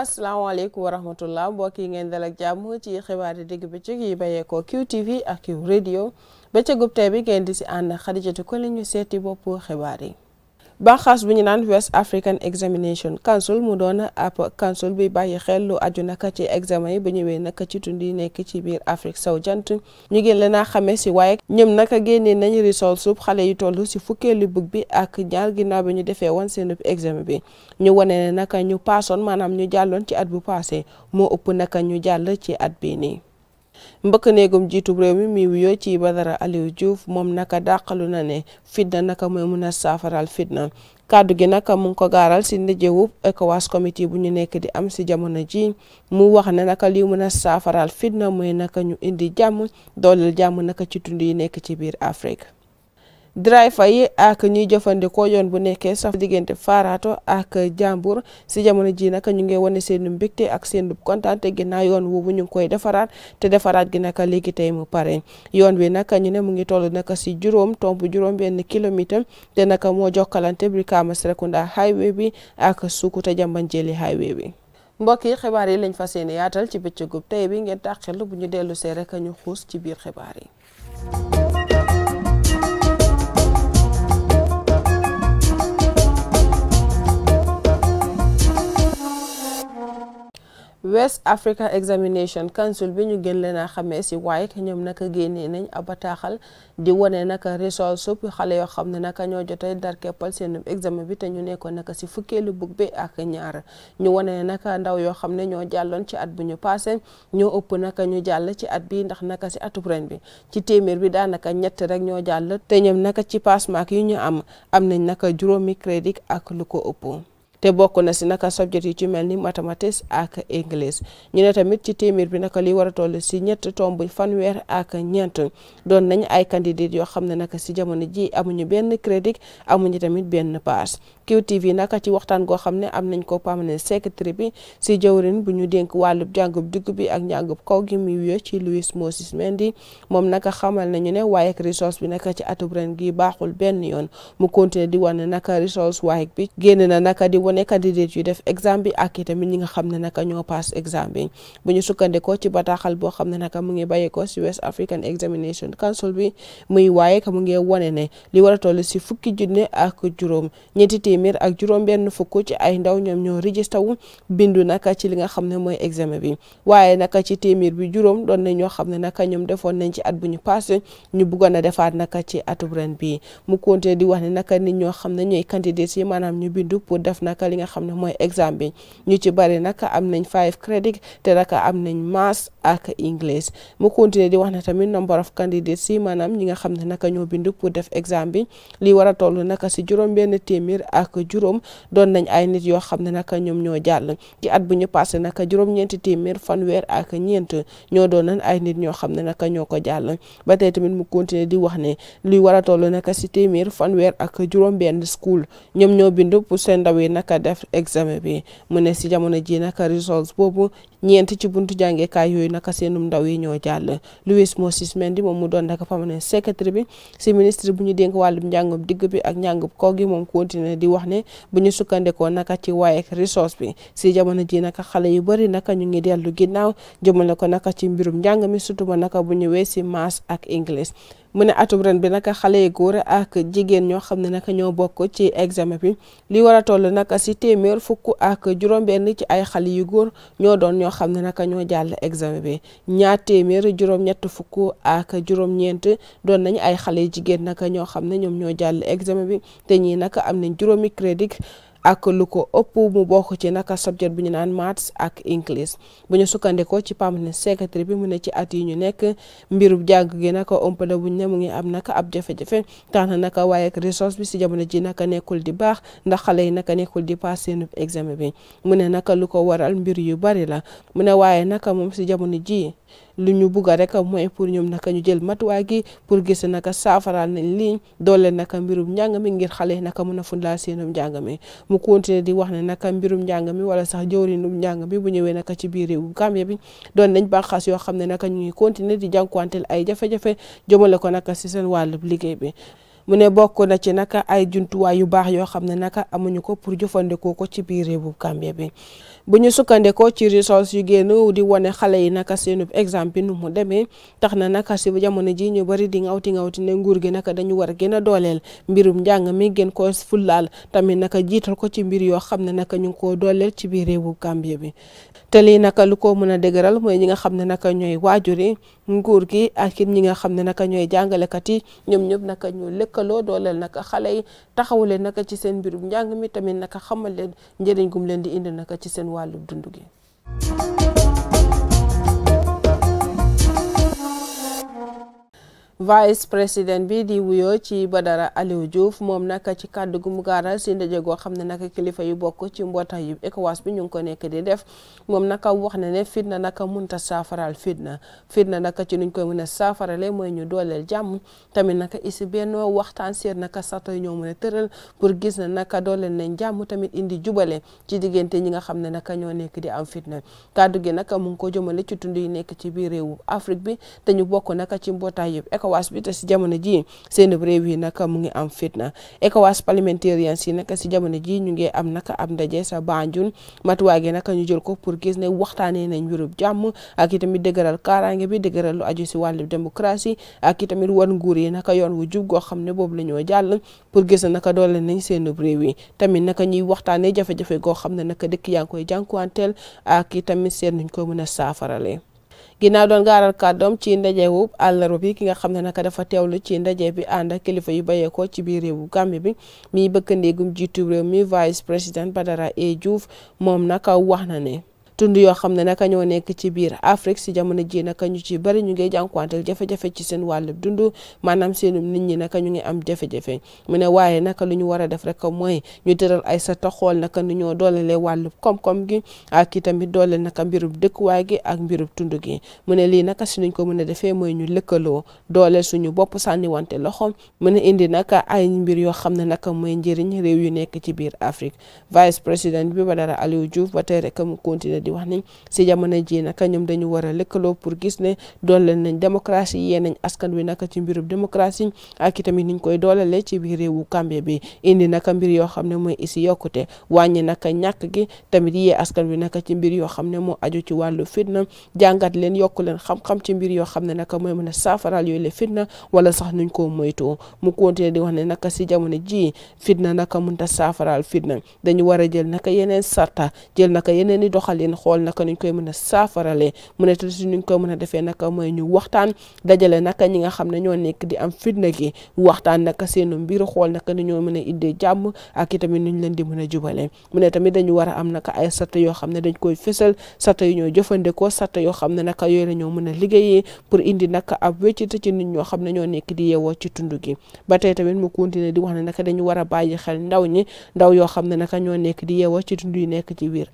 asalaamaaleykum wa rahmatullah mbokk yi ngeen dal ak jàmm ci xibaar yi digg bëccëg yi bàyyeekoo QTV ak Q radio bëccëgub tey bi ngeen di si ànd Xadijatu ko li ñu seeti boppu xibaar yi. banqaas bu ñu naan West African Examination Council mu doon ab council bi bàyyi xel aju naka ci examen yi ba ñëwee naka ci tund nekk ci biir Afrique sow jant ñu ngi leen a xamee si waaye ñoom naka génnee nañu result sub xale yu toll si fukkeelu bug bi ak ñaar ginnaaw bi ñu defee woon seen examen bi ñu wane ne naka ñu paasoon maanaam ñu jàlloon ci at bu passé moo ëpp naka ñu jàll ci at bii nii. mbëkk néegum jiitub réew mi mi wuyoo ci Badara Alieu Diouf moom naka dàqalu na ne fitna naka mooy mun a saafaral fitna kàddu gi nag mu ngi ko gaaral si ndajewub ECOWAS comité bu ñu nekk di am si jamono ji mu wax ne naka li mën a saafaral fitna muy naka ñu indi jàmm dooleel jàmm naka ci tund yi nekk ci biir Afrique driver yi ak ñuy jëfandikoo yoon bu nekkee saf diggante faaraato ak jàmbur si jamono ji nag ñu ngi wane seen mbégte ak seen kontaan te ginnaaw yoon woowu ñu ngi koy defaraat te defaraat gi nag léegi tey mu pare yoon wi nag ñu ne mu ngi toll nag si juróom tomb juróom benn kilomètre te nag moo jokkalante Brikama Serekunda highway bi ak Sukuta Jambanjelly highway bi. mbokk yi xibaar yi lañ fas yéene yaatal ci bëccëgub tey bi ngeen tàqel bu ñu dellu see rek ñu xuus ci biir xibaar yi. West Africa Examination Council bi ñu gën leen a xamee si waaye ñoom naka génnee nañ ab bataaxal di wane naka resol sup xale yoo xam ne naka ñoo jote dar keppal seen examen bi te ñu nekkoon naka si fukkeelu bug bi ak ñaar ñu wane naka ndaw yoo xam ne ñoo jàlloon ci at bu ñu passé ñoo ëpp naka ñu jàll ci at bi ndax naka si atub ren bi ci téeméer bi daanaka ñett rek ñoo jàll te ñoom naka ci pass mark yu ñu am am nañ naka juróomi crédit ak lu ko ëpp. te bokk na si naka subject yi ci mel ni mathématiques ak anglais ñu ne tamit ci téeméer bi naka li war a toll si ñett fan weer ak ñeent doon nañ ay candidate yoo xam ne naka si jamono ji amuñu benn crédit amuñu tamit benn paas QTV naka ci waxtaan goo xam ne am nañ ko permanent secretary bi si jawrin bu ñu dénk wàllub njàngub digg bi ak njàngub kaw gi muy wuyoo ci Louis Moses Mendy moom naka xamal nañu ne waaye ak resource bi naka ci atub ren gi baaxul benn yoon mu continuer di wane naka resource waaye bi génn na naka di wane candidate yu def exam bi ak itamit ñi nga xam ne naka ñoo pass exam bi bu ñu sukkandikoo ci bataaxal boo xam ne naka mu ngi bàyyeekoo si West African Examination Council bi muy waaye ka mu ngi wane ne li war a toll si fukki junne ak juróom téeméer ak juróom-benn fukk ci ay ndaw ñoom ñoo registré wu bindu naka ci li nga xam ne mooy examen bi waaye naka ci téeméer bi juróom doon na ñoo xam ne naka ñoom defoon nañ ci at bu ñu passé ñu bëggoon a defaat naka ci atub ren bi mu konte di wax ne naka nit ñoo xam ne ñooy candidats yi maanaam ñu bindu pour def naka li nga xam ne mooy examen bi ñu ci bari naka am nañ five credit te naka am nañ maths ak english mu continuer di wax ne tamit number of candidates yi maanaam ñi nga xam ne naka ñoo bindu pour def examen bi a ak juróom doon nañ ay nit yoo xam ne naka ñoom ñoo jàll ci at bu ñu passé naka juróom-ñeenti fan weer ak ñeent ñoo doon nañ ay nit ñoo xam ne naka ñoo ko jàll ba tey tamit mu continuer di wax ne luy war a toll naka si fan weer ak juróom-benn school ñoom ñoo bind pour seen ndaw yi naka def examen bi mu ne si jamono ji ka results boobu ñeenti ci buntu jàngeekaay yooyu naka seenum ndaw yi ñoo jàll Louis Moses Mendy moom bi si ministre bu ñu dénk wàllum njàngum digg bi ak njàngum kaw gi moom wax ne bu ñu sukkandikoo naka ci waaye resource bi si jamono ji naka xale yu bëri naka ñu ngi dellu ginnaaw jëmale ko naka ci mbirum njàng mi surtout ma naka bu ñëwee si mas ak english mu ne atum ren bi naka xale yu góor ak jigéen ñoo xam ne naka ñoo bokk ci examen bi li war a toll naka si téeméer fukk ak juróom-benn ci ay xale yu góor ñoo doon ñoo xam ne naka ñoo jàll examen bi ñaar téeméer juróom-ñett fukk ak juróom-ñeent doon nañu ay xale yu jigéen naka ñoo xam ne ñoom ñoo jàll examen bi te ñii naka am nañ juróomi crédit. ak lu ko ëpp mu bokk ci naka subject bu ñu naan maths ak english bu ñu sukkandikoo ci permanent secretary bi mu ne ci at yi ñu nekk mbiru jàng gi naka ëmpale bu ñu ne mu ngi am naka ab jafe-jafe tax na naka waaye ak resource bi si jamono ji naka nekkul di baax ndax xale yi naka nekkul di pass seen examen bi mu ne naka lu ko waral mbir yu bari la mu ne waaye naka moom si jamono ji lu ñu bugg rek mooy pour ñoom naka ñu jël matuwaay gi pour gis naka saafaraal nañ lii doole naka mbirum njàng mi ngir xale naka mun a fundal seenum njàng mu continuer di wax ne naka mbirum njàng mi wala sax jëwrinum njàng mi bu ñëwee naka ci biir réewu Gambie bi doon nañ bànqaas yoo xam ne naka ñu ngi continuer di jànkuwanteel ay jafe-jafe ko naka si seen wàllub liggéey bi mu ne bokk na ci naka ay jumtuwaay yu baax yoo xam ne naka amuñu ko pour jëfandikoo ko ci biir réewu Gambie bi bu ñu sukkandekoo ci results yu génn di wane xale yi naka seenub exemple bi nu mu demee tax na naka si jamono ji ñu bari di ngawti ngawti ne nguur gi naka dañu war a gën a dooleel mbirum njàng mi gën ko fullaal tamit naka jiital ko ci mbir yoo xam ne naka ñu ngi koo dooleel ci biir réewu Gambie bi te lii naka lu ko mën a dëgëral mooy ñi nga xam ne naka ñooy waajuri nguur gi ak it ñi nga xam ne naka ñooy jàngalekat yi ñoom ñëpp naka ñu lëkkaloo dooleel naka xale yi taxawu leen naka ci seen mbirum njàng mi tamit naka xamal leen njëriñ gum leen di indi naka ci seen wàllu dund gi vice président bi di wuyoo ci Badara Alieu Diouf moom nag ci kàddu gu mu si ndaje goo xam ne nag kilifa yu bokk ci mbootaay yu ECOWAS bi ñu ngi ko nekk di def moom nag wax na ne fitna nag munta saafaral fitna fitna nag ci nuñ koy mën a saafarale mooy ñu dooleel jàmm tamit nag isi benn waxtaan seet nag sarta yu ñoo mën a tëral pour gis na nag dooleel nañ jàmm tamit indi jubale ci diggante ñi nga xam ne nag ñoo nekk di am fitna kàddu gi nag mu ngi ko jëmale ci tund yi nekk ci biir réewu Afrique bi ñu bokk nag ci mbootaay yëpp ECOWAS bi te si jamono jii seen réew yi naka mu ngi am fitna ECOWAS parliamentariens yi naka si jamono jii ñu ngi am naka am ndaje sa Banjul matuwaay gi naka ñu jël ko pour gis ne waxtaanee nañ yurub jàmm ak itamit dëgëral kaaraange bi dëgëral lu aju si wàllu démocratie ak itamit wan nguur yi naka yoon wu jub goo xam ne boobu la ñoo jàll pour gis ne naka doole nañ seen réew yi tamit naka ñuy waxtaanee jafe-jafe goo xam ne naka dëkk yaa ngi koy jànkuwanteel ak itamit seen nuñ ko mën a saafarale ginaa doon gaaral kàddoom ci ndaje wu àllarba bi ki nga xam ne naka dafa teewlu ci ndaje bi ànd ak kilifa yu ko ci biir réewu Gambie bi miy bëkk ndéegum jiitu réew mi vice président Badara A Diouf moom naka wax na ne. tund yoo xam ne naka ñoo nekk ci biir Afrique si jamono ji naka ñu ci bari ñu ngi jànkuwanteel jafe-jafe ci seen wàllub dund maanaam seenum nit ñi naka ñu ngi am jafe-jafe mu ne waaye naka lu ñu war a def rek mooy ñu tëral ay sa taxool naka nu ñoo doolelee wàllub koom-koom gi ak i tamit doole naka mbirub dëkkuwaay gi ak mbirub tund gi mu ne lii naka si nuñ ko mën a defee mooy ñu lëkkaloo doole suñu bopp sànniwante loxo mu ne indi naka ay mbir yoo xam ne naka mooy njëriñ réew yu nekk ci biir Afrique vice président bi Badara ba tey rek mu continuer di wax ni si jamono ji naka ñoom dañu war a lëkkaloo pour gis ne dooleel nañ démocratie yee nañ askan wi naka ci mbirub démocratie ak itamit niñ koy doolale ci biir réewu Gambie bi indi naka mbir yoo xam ne mooy isi yokkute wàññi naka ñàkk gi tamit yee askan wi naka ci mbir yoo xam ne moo aju ci wàllu fitna jàngat leen yokku leen xam-xam ci mbir yoo xam ne naka mooy mën a saafaral yooyu le fitna wala sax nuñ ko moytoo mu continué di wax ne naka si jamono ji fitna naka munta saafaral fitna dañu war a jël naka yeneen sarta jël naka yeneen i doxalin xool naka nuñ koy mën a saafaralee mu ne tasi nuñ koy mën a defee naka mooy ñu waxtaan dajale naka ñi nga xam ne ñoo nekk di am fitna gi waxtaan naka seenu mbir xool naka ni ñoo mën a indee jàmm ak itamit nuñ leen di mën a jubalee mu ne tamit dañu war a am naka ay sata yoo xam ne dañ koy fësal sata yu ñoo jëfandikoo sata yoo xam ne naka yooyu la mën a liggéeyee pour indi naka ab wéccite ci nit ñoo xam ne ñoo nekk di yeewoo ci tund gi ba tey tamit mu continuer di wax na naka dañu war a bàyyi xel ndaw ñi ndaw yoo xam ne naka nekk di yeewoo ci tund yi nekk ci biir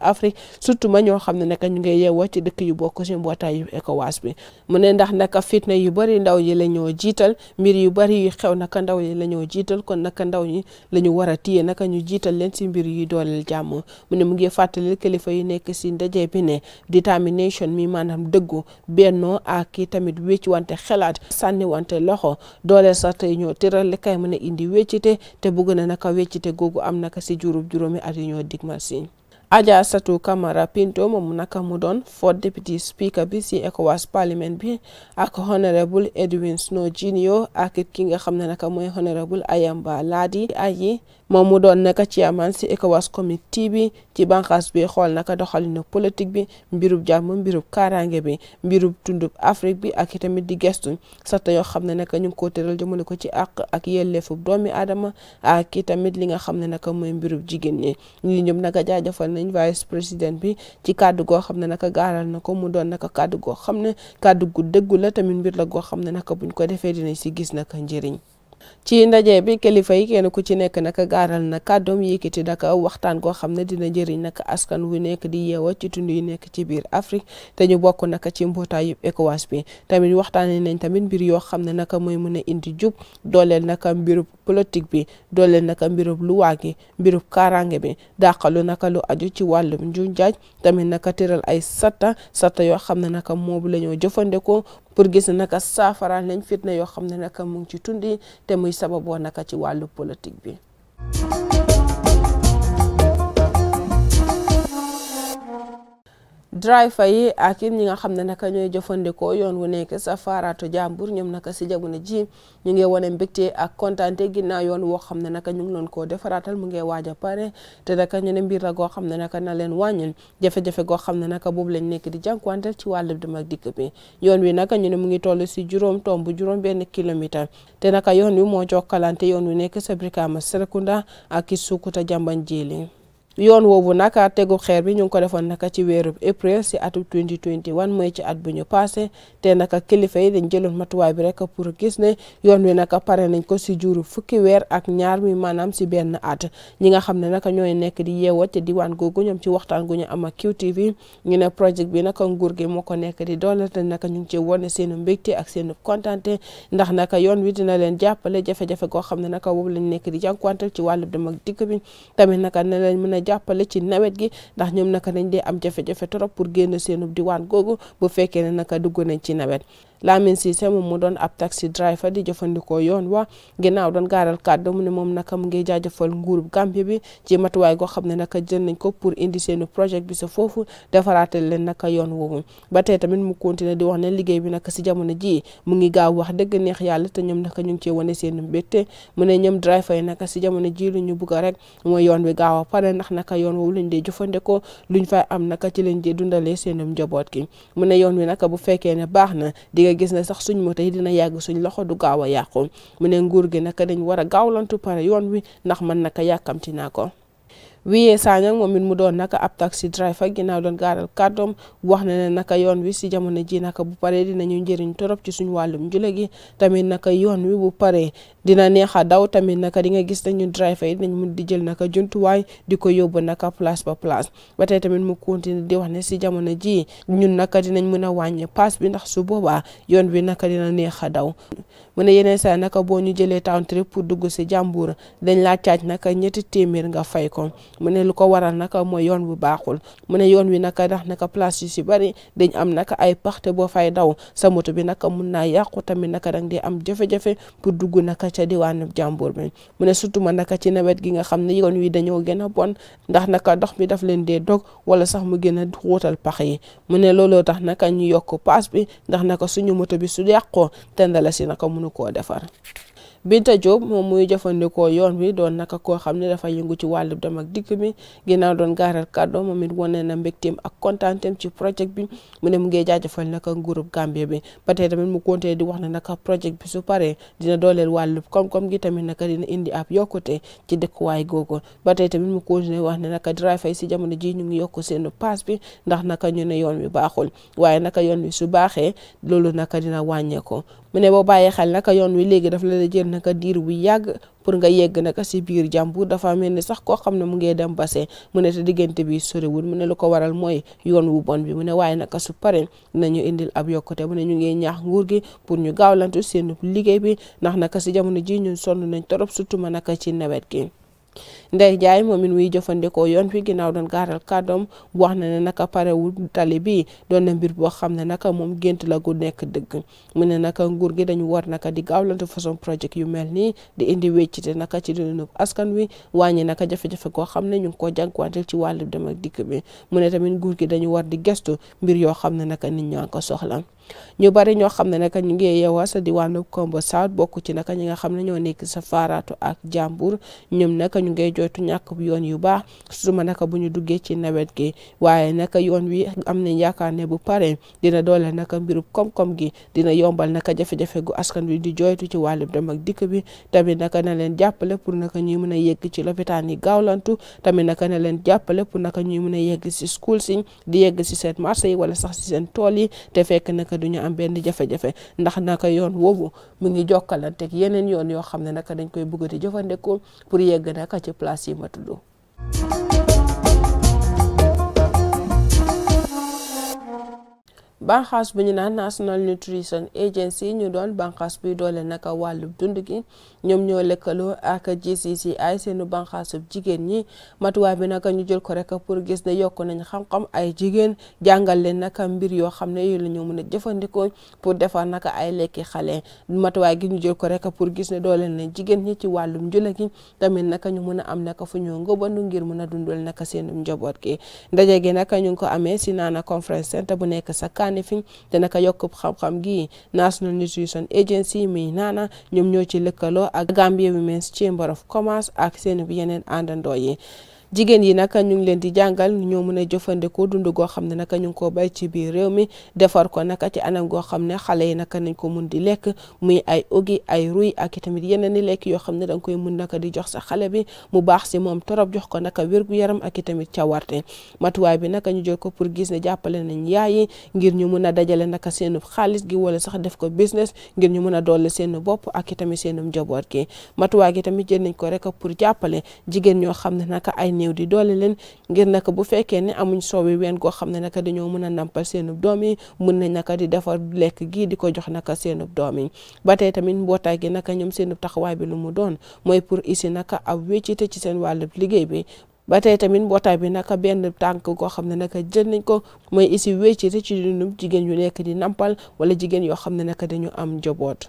ñoo xam ne nag ñu yee yeewoo ci dëkk yu bokk ci mbootaayu ECOWAS bi mu ne ndax nag fitna yu bari ndaw yi la ñoo jiital mbir yu bari yi xew naka ndaw yi la ñoo jiital kon naka ndaw ñi la ñu war a téye naka ñu jiital leen ci mbir yu dooleel jàmm mu ne mu ngi fàttali kilifa yu nekk ci ndaje bi ne determination mi maanaam dëggu bennoo ak i tamit wécc wante xalaat sànni wante loxo dooleel sax tey ñoo tëral li kay mën a indi wéccite te bëgg na naka wéccite googu am naka ci juróom juróomi at yu Adja Satou Camara Pinto moom naka mu doon fourth deputy speaker bi si ECOWAS parliament bi ak honorable Edwin Snow Junior ak ki nga xam ne naka mooy honorable moom mu doon naka chairman si ECOWAS committee bi ci banqaas bi xool naka doxalinu politique bi mbirub jàmm mbirub kaaraange bi mbirub tundub Afrique bi ak itamit di gestu sarta yoo xam ne naka ñu ngi ko tëral jëmale ko ci àq ak yelleefu doomi aadama ak itamit li nga xam ne naka mooy mbirub jigéen ñi ñi ñoom naka jaajëfal nañ vice président bi ci kàddu goo xam ne naka gaaral na ko mu doon naka kàddu goo xam ne kàddu gu dëggu la tamit mbir la goo xam ne naka buñ ko defee dinañ si gis naka njëriñ ci ndaje bi kilifa yi kenn ku ci nekk naka gaaral na kàddoom yëkkati naka waxtaan goo xam ne dina jëriñ naka askan wi nekk di yeewa ci tund yu nekk ci biir Afrique te ñu bokk naka ci mbootaayu ECOWAS bi tamit waxtaanee nañ tamit mbir yoo xam ne naka mooy mën a indi jub dooleel naka mbirub politique bi dooleel naka mbirub luwaa gi mbirub kaaraange bi dàqalu naka lu aju ci wàllum njuñ jaaj tamit naka tëral ay satta satta yoo xam ne naka moobu la ñoo jëfandikoo pour gis naka saafaraan lañ fitna yoo xam ne naka mu ngi ci tundi te muy sababoo naka ci wàllu politique bi driver yi ak it ñi nga xam ne naka ñooy jëfandikoo yoon wu nekk safaaraatu jàmbur ñoom naka si jamono ji ñu ngi wane mbégte ak kontaante ginnaaw yoon woo xam ne naka ñu ngi loon koo defaraatal mu ngi waaj a pare te naka ñu ne mbir la goo xam ne naka na leen wàññil jafe-jafe goo xam ne naka boobu lañ nekk di jànkuwanteel ci wàllu dem dikk bi yoon wi naka ñu ne mu ngi toll si juróom tomb juróom benn kilomètre te naka yoon wi moo jokkalante yoon wi nekk Sabrikama Serekunda ak Sukuta Jambanjeli yoon woowu nag tegu xeer bi ñu ngi ko defoon naka ci weeru april si atum 2021 mooy ci at bu ñu passé te naka kilifa yi dañ jëloon matuwaay bi rek pour gis ne yoon wi naka pare nañ ko si juuru fukki weer ak ñaar mi maanaam si benn at ñi nga xam ne naka ñooy nekk di yeewoo te diwaan googu ñoom ci waxtaan gu ñu am ak QTV ñu ne projet bi naka nguur gi moo ko nekk di doole te naka ñu ngi ci wone seen mbégte ak seen kontante ndax naka yoon wi dina leen jàppale jafe goo xam ne naka boobu lañ nekk di jànkuwante ci wàllu dem ak dikk tamit naka na leen jàppale ci nawet gi ndax ñoom naka nañ dee am jafe-jafe trop pour génn seenu diwaan googu bu fekkee ne naka dugg nañ ci nawet Lamine Cissé moom mu doon ab taxi driver di jëfandikoo yoon wa doon gaaral kàddu mu ne moom naka mu ngi jaajëfal nguurub Gambie bi ci matuwaay goo xam ne naka jël nañ ko pour indi seenu projet bi sa foofu defaraatal leen naka yoon woowu ba tey tamit mu continué di wax ne liggéey bi naka si jamono jii mu ngi gaaw wax dëgg neex yàlla te ñoom naka ñu ngi cee wane seen mbégte mu ne ñoom driver yi naka si jamono jii lu ñu bugg rek mooy yoon wi gaaw a pare ndax naka yoon woowu lañ dee jëfandikoo luñ fay am naka ci lañ dee dundalee seenum njaboot gi bu fekkee ne baax na gis ne sax suñ moto yi dina yàgg suñ loxo du gaaw a yàqu mu ne nguur gi naka dañ war a gaawlantu pare yoon wi ndax man naka yàkkamti naa ko Wiyé Sagnang moom min mu doon naka ab taxi driver ginnaaw doon gaaral kàddoom wax na ne naka yoon wi si jamono ji naka bu paree dinañu njëriñ torop ci suñu wàllum njula gi tamit naka yoon wi bu paree dina neex a daw tamit naka di nga gis nañu driver yi dinañ mun di jël naka jumtuwaay di ko yóbbu naka place ba place ba tey tamit mu continue di wax ne si jamono ji ñun naka dinañ mën a wàññi paas bi ndax su boobaa yoon wi naka dina neex a daw mu ne yeneen saa naka boo ñu jëlee town trip pour dugg si jàmbur dañ laa caaj naka ñetti téeméer nga fay ko mu ne lu ko waral naka mooy yoon bu baaxul mu ne yoon wi naka ndax naka place yu si bari dañ am naka ay paxte boo fay daw sa moto bi naka mun naa yàqu tamit naka dang di am jafe-jafe pour dugg naka ca diwaanu jàmbur bi mu ne surtout ma naka ci nawet gi nga xam ne yoon wi dañoo gën a bon ndax naka dox mi daf leen dee dog wala sax mu gën a xóotal pax yi mu ne looloo tax naka ñu yokk paas bi ndax naka suñu moto bi su yàqoo tendala si naka mun mënu koo defar Binta Diop moom muy jëfandikoo yoon wi doon naka koo xam ne dafa yëngu ci wàllu dem ak dikk bi ginnaaw doon gaaral kàddo moom it wane na mbégteem ak kontaanteem ci projet bi mu ne mu ngi jaajëfal naka nguurub Gambie bi ba tey tamit mu continué di wax ne naka projet bi su paree dina dooleel wàllu koom-koom tamit naka dina indi ab yokkute ci dëkkuwaay googu ba tey tamit mu continué wax ne naka driver yi si jamono ji ñu ngi yokk seen paas bi ndax naka ñu ne yoon wi baaxul waaye naka yon wi su baaxee loolu naka dina wàññeeku mu ne boo bàyyee xel naka yoon wi léegi daf la la jël naka diir bu yàgg pour nga yegg naka si biir jàmbur dafa mel ni sax koo xam ne mu ngee dem bassin mu ne te diggante bi soriwul mu ne lu ko waral mooy yoon wu bon bi mu ne waaye naka su pare nañu indil ab yokkute mu ne ñu ngi ñaax nguur gi pour ñu gaawlantu seen liggéey bi ndax naka si jamono ji ñun sonn nañ torop surtout ma naka ci nawet gi Ndeye Ndiaye moom it muy jëfandikoo yoon wi ginnaaw doon gaaral kàddoom wax na ne naka parewul tali bi doon na mbir boo xam ne naka moom gént la gu nekk dëgg mu ne naka nguur gi dañu war naka di gaawlante façon projet yu mel nii di indi wéccite naka ci dundub askan wi wàññi naka jafe-jafe koo xam ne ñu ngi ko jànkuwanteel ci wàllu dem ak dikk bi mu ne tamit nguur gi dañu war di gestu mbir yoo xam ne naka nit ñaa ko soxla ñu bari ñoo xam ne naka ñu ngi yeewoo sa kom Kombo South bokk ci naka ñi nga xam ne ñoo nekk sa faaraatu ak jàmbur ñoom naka ñu ngay jooytu ñàkk yoon yu baax suma naka bu ñu duggee ci nawet gi waaye naka yoon wi am nañ yaakaar ne bu pare dina doole naka mbirub koom-koom gi dina yombal naka jafe-jafe gu askan wi di jooytu ci wàllum dem ak dikk bi tamit naka na leen jàppale pour naka ñuy mën a yegg ci lopitaan yi gaawlantu tamit naka na leen jàppale pour naka ñuy mën a yegg si school si di yegg si seen marché yi wala sax si seen tool yi du ñu am benn jafe-jafe ndax naka yoon woowu mu ngi jokkalante yeneen yoon yoo xam ne naka dañ koy bëggati jëfandikoo pour yegg naka ci place yi ma tudd banxaas bu ñu naan National Nutrition Agency ñu doon banxaas buy doole naka wàllu dund gi ñoom ñoo lëkkaloo ak GCCI seenu banxaasub jigéen ñi matuwaay bi naka ñu jël ko rek pour gis ne yokk nañ xam ay jigéen jàngal leen naka mbir yoo xam ne yu la ñu mën a jëfandikoo pour defar naka ay lekki xale matuwaay gi ñu jël ko rek pour gis ne doole nañ jigéen ñi ci wàllum njula gi tamit naka ñu mën a am naka fu ñu ngëbandu ngir mën a dundal naka seen njaboot gi ndaje gi naka ñu ngi ko amee si naana conference center bu nekk sa kan nefin te naka yokk xam-xam gi National Nutrition Agency muy naana ñoom ñoo ci lëkkaloo ak Gambia Women's Chamber of Commerce ak seen yeneen àndandoo yi jigéen yi nag ñu ngi leen di jàngal ñoo mën a jëfandikoo dund goo xam ne nag ñu ngi koo bay ci biir réew mi defar ko nag ci anam goo xam ne xale yi nag nañ ko mun di lekk muy ay ogi ay ruy ak itamit yeneen i lekk yoo xam ne da nga koy mun naka di jox sa xale bi mu baax si moom torop jox ko naka wérgu yaram ak itamit cawarte matuwaay bi naka ñu jël ko pour gis ne jàppale nañ yaay yi ngir ñu mun a dajale naka seenu xaalis gi wala sax def ko business ngir ñu mun a dolli seenu bopp ak itamit seenu njaboot gi matuwaay gi tamit jël nañ ko rek pour jàppale jigéen ñoo xam ne naka ay ñëw di doole leen ngir naka bu fekkee ne amuñ soowi ween koo xam ne naka dañoo mën a nampal seenub doom yi mën nañ naka di defar lekk gii di ko jox naka seenub doom yi ba tey tamit mbootaay gi naka ñoom seenub taxawaay bi lu mu doon mooy pour isi naka ab wéccite ci seen wàllub liggéey bi ba tey tamit mbootaay bi naka benn tànk koo xam ne naka jël nañ ko mooy isi wéccite ci dundum jigéen yu nekk di nampal wala jigéen yoo xam ne naka dañu am njaboot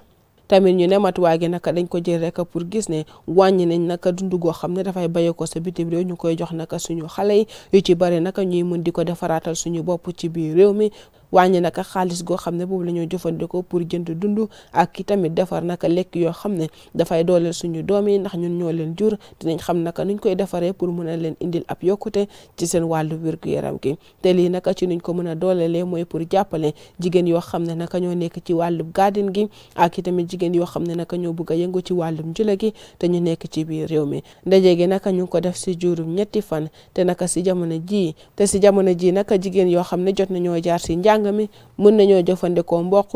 tamit ñu ne matuwaay gi naka dañ ko jël rek pour gis ne wàññi nañ naka dund goo xam ne dafay bàyyi ko sa bitim réew ñu koy jox naka suñu xale yi yu ci bari naka ñuy mën di ko defaraatal suñu bopp ci biir réew mi wàññi naka xaalis goo xam ne boobu la ñoo jëfandikoo pour jënd dund ak i tamit defar naka lekk yoo xam ne dafay dooleel suñu doom yi ndax ñun ñoo leen jur dinañ xam naka nuñ koy defaree pour mën a leen indil ab yokkute ci seen wàllu wér-gu-yaram gi te lii naka ci nuñ ko mën a doolelee mooy pour jàppale jigéen yoo xam ne naka ñoo nekk ci wàllub garden gi ak tamit jigéen yoo xam ne naka ñoo bëgg a yëngu ci wàllum njula gi te ñu nekk ci biir réew mi nda jege naka ñu ngi ko def si juróom ñetti fan te naka si jamono ji te si jamono ji naka jigéen yoo xam ne jot nañoo jaar si njàng njàng mi mën nañoo jëfandikoo mboq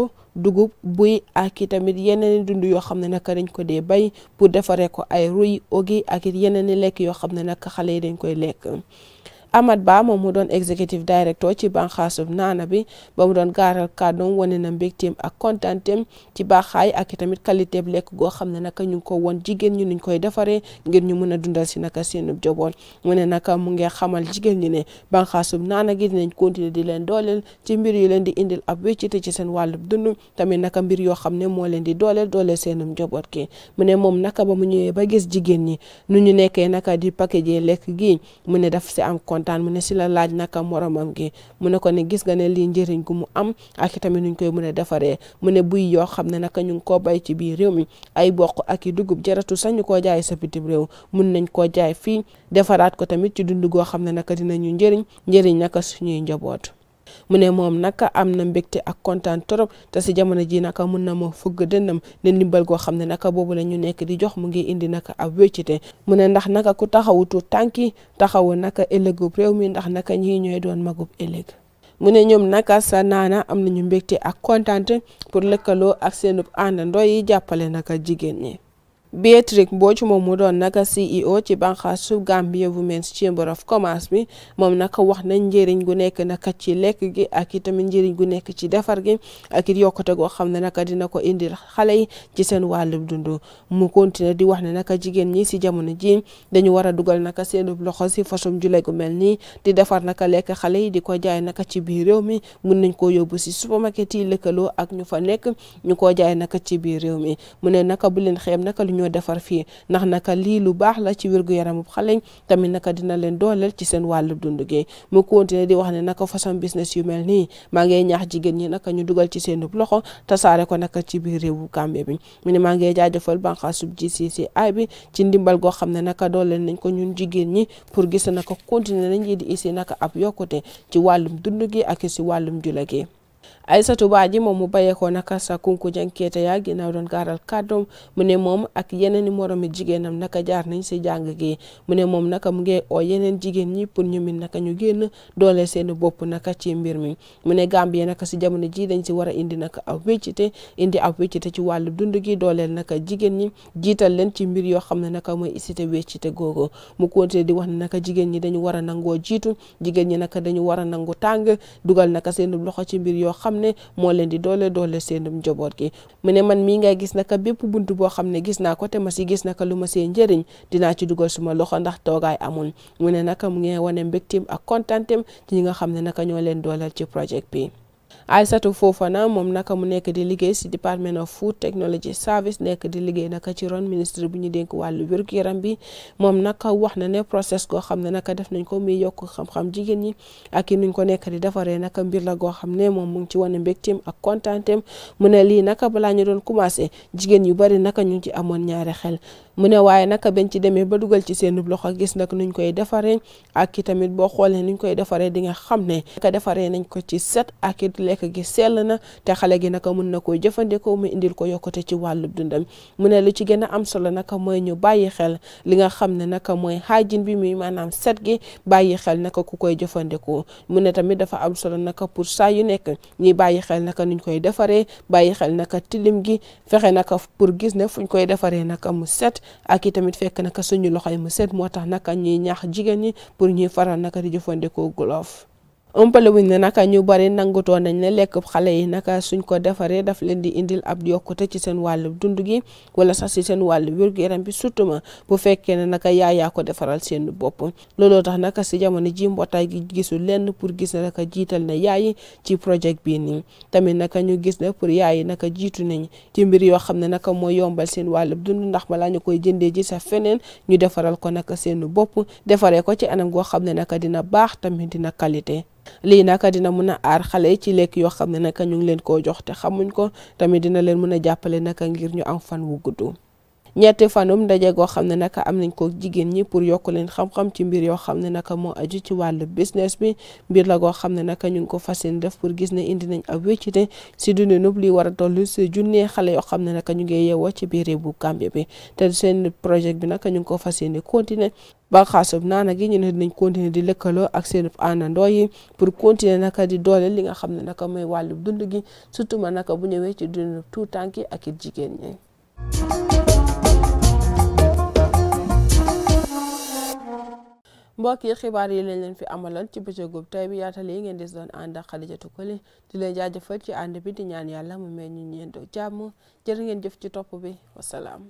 dugub buy ak tamit yeneen i dund yoo xam ne naka dañ ko de bay pour defaree ko ay ruy ogi ak it yeneen i lekk yoo xam ne naka xale yi dañ koy lekk Amat Ba moom mu doon executive director ci banxaasub naana bi ba mu doon gaaral kàddoom wane na mbégteem ak kontaanteem ci baaxaay ak itamit qualité bu lekk goo xam ne naka ñu ko won jigéen ñu nuñ koy defaree ngir ñu mun a dundal si naka seenub joboon mu ne naka mu ngi xamal jigéen ñi ne banxaasub naana gi dinañ continuer di leen dooleel ci mbir yu leen di indil ab wéccite ci seen wàllub dund tamit naka mbir yoo xam ne moo leen di dooleel dooleel seenum joboot ki mu ne moom naka ba mu ñëwee ba gis jigéen ñi nu ñu nekkee naka di package lekk gi mu daf si am kontaan kontaan mu ne si la laaj naka moromam gi mu ne ko ne gis nga ne lii njëriñ gu mu am ak tamit nuñ koy mën a defaree mu ne buy yoo xam ne naka ñu ngi koo bay ci biir réew mi ay bokk ak i dugub jaratu sañu koo jaay sa bitim réew mun nañ koo jaay fii defaraat ko tamit ci dund goo xam ne naka dinañu njëriñ njëriñ naka suñuy njaboot mu ne moom naka am na mbégte ak kontaan trop te si jamono ji naka mun na moo fugg dënnam ne ndimbal goo xam ne naka boobu la ñu nekk di jox mu ngi indi naka ab wéccite mu ne ndax naka ku taxawutu tànki taxawu naka ëllëgub réew mi ndax naka ñii ñooy doon magub ëllëg mu ne ñoom naka sa naana am nañu mbégte ak kontaan pour lëkkaloo ak seenub àndandoo yi jàppale naka jigéen ñi Beatrice Mbodj moom mu doon naka CEO ci banqaasu Gambia Women's Chamber of Commerce bi moom naka wax nañ njëriñ gu nekk naka ci lekk gi ak itamit njëriñ gu nekk ci defar gi ak it yokkute goo xam ne naka dina ko indil xale yi ci seen wàllum dundu mu continué di wax ne naka jigéen ñi si jamono ji dañu war a dugal naka seen loxo si façon jule gu mel ni di defar naka lekk xale yi di ko jaay naka ci biir réew mi mun nañ koo yóbbu si supermarket yi lëkkaloo ak ñu fa nekk ñu ko jaay naka ci biir réew mi mu ne naka bu leen xeeb naka lu ñu ñoo defar fii ndax naka lii lu baax la ci wérgu yaramu xaleñ tamit naka dina leen dooleel ci seen wàllu dund gi mu continué di wax ne naka façon business yu mel nii maa ngay ñaax jigéen ñi naka ñu dugal ci seen ta tasaare ko naka ci biir réewu Gambie bi mu ne maa ngay jaajëfal banqaasub GCCI bi ci ndimbal goo xam ne naka dooleel nañ ko ñun jigéen ñi pour gis naka continué nañ di isi naka ab yokkute ci wàllum dund gi ak ci wàllum jula gi Aïssatou Badji moom mu bàyyeekoo naka sa Kunkudiang Keteya ginnaaw doon gaaral kàddoom mu ne moom ak yeneen i moromi jigéenam naka jaar nañ si jàng gi mu ne moom naka mu ngi oo yeneen jigéen ñi pour ñu min naka ñu génn doole seen bopp naka ci mbir mi mu ne Gambie naka si jamono ji dañ si war a indi naka aw wéccite indi aw wéccite ci wàllu dund gi dooleel naka jigéen ñi jiital ci mbir yoo xam ne naka mooy isite wéccite googu mu continué di wax naka jigéen ñi dañu war a nangoo jiitu jigéen ñi naka dañu war a nangu tàng dugal naka seen loxo ci mbir yoo xam ne moo leen di doole doole seenum njaboot gi mu ne man mii ngay gis naka bépp bunt boo xam ne gis naa ko te ma si gis naka lu ma see njëriñ dinaa ci dugal suma loxo ndax toogaay amul mu ne naka mu nge wane mbégteem ak kontaanteem ci ñi nga xam ne naka ñoo leen dooleel ci projet bi foofa Fofana moom naka mu nekk di liggéey si Department of Food Technology Service nekk di liggéey naka ci ron ministre bu ñu dénk wàllu wérgu yaram bi moom naka wax na ne process goo xam ne naka def nañ ko muy yokk xam jigéen ñi ak i ko nekk di defaree naka mbir la goo xam ne moom mu ngi ci wane mbégteem ak kontaanteem mu ne lii naka balaa ñu doon commencé jigéen yu bari naka ñu ci amoon ñaari xel mu ne waaye naka bañ ci demee ba dugal ci seen loxo gis nag nuñ koy defaree ak i tamit boo xoolee nuñ koy defaree di nga xam ne defaree nañ ko ci set ak lekk gi sell na te xale gi naka mun na koo jëfandikoo mu indil ko yokkute ci wàllu dundam mu ne lu ci gën a am solo naka mooy ñu bàyyi xel li nga xam ne naka mooy hygiène bi muy maanaam set gi bàyyi xel naka ku koy jëfandikoo mu ne tamit dafa am solo naka pour saa yu nekk ñuy bàyyi xel naka nuñ koy defaree bàyyi xel naka tilim gi fexe naka pour gis ne fuñ koy defaree naka mu set ak i tamit fekk naka suñu loxoy mu set moo tax naka ñuy ñaax jigéen ñi pour ñuy faral naka di jëfandikoo glove ëmpalewuñ ne naka ñu bari nangutoo nañ ne lekk xale yi naka suñ ko defaree daf leen di indil ab yokkute ci seen wàllu dund gi wala sax ci seen wàllu wér-gu-yaram bi surtout ma bu fekkee ne naka yaayaa ko defaral seen bopp looloo tax naka si jamono ji mbootaay gi gisul lenn pour gis ne jiital na yaayi ci projet bii nii tamit naka ñu gis ne pour yaayi naka jiitu nañ ci mbir yoo xam ne naka mooy yombal seen wàllu dund ndax balaa ñu koy jëndee ji sa feneen ñu defaral ko naka seen bopp defaree ko ci anam goo xam ne naka dina baax tamit na qualité lii naka dina mun a aar xale ci lekk yoo xam ne naka ñu ngi leen koo jox te xamuñ ko tamit dina leen mun a jàppale naka ngir ñu am fan wu gudd ñetti fanum ndaje goo xam ne naka am nañ ko jigéen ñi pour yokk leen xam ci mbir yoo xam ne naka moo aju ci wàllu business bi mbir la goo xam ne naka ñu ngi ko fas yéene def pour gis ne indi a ab wéccite si dundinub li war a toll si junne xale yoo xam ne naka ñu ngi yeewoo ci biir bu Gambie bi te seen projet bi naka ñu ngi ko fas yéene continuer ba xaasub naana gi ñu ne dinañ continuer di lëkkaloo ak seen àndandoo yi pour continuer naka di doole li nga xam ne naka mooy wàllu dund gi surtout ma naka bu ñëwee ci dund tuutànk yi ak it jigéen ñi mbokk yi xibaar yi lañ leen fi amalal ci bëccëgub tey bi yaatal yi ngeen di doon ànd ak Xadijatu Koli di leen jaajëfal ci ànd bi di ñaan yàlla mu mel ñu ñeentoo jàmm jërë ngeen jëf ci topp bi wasalaam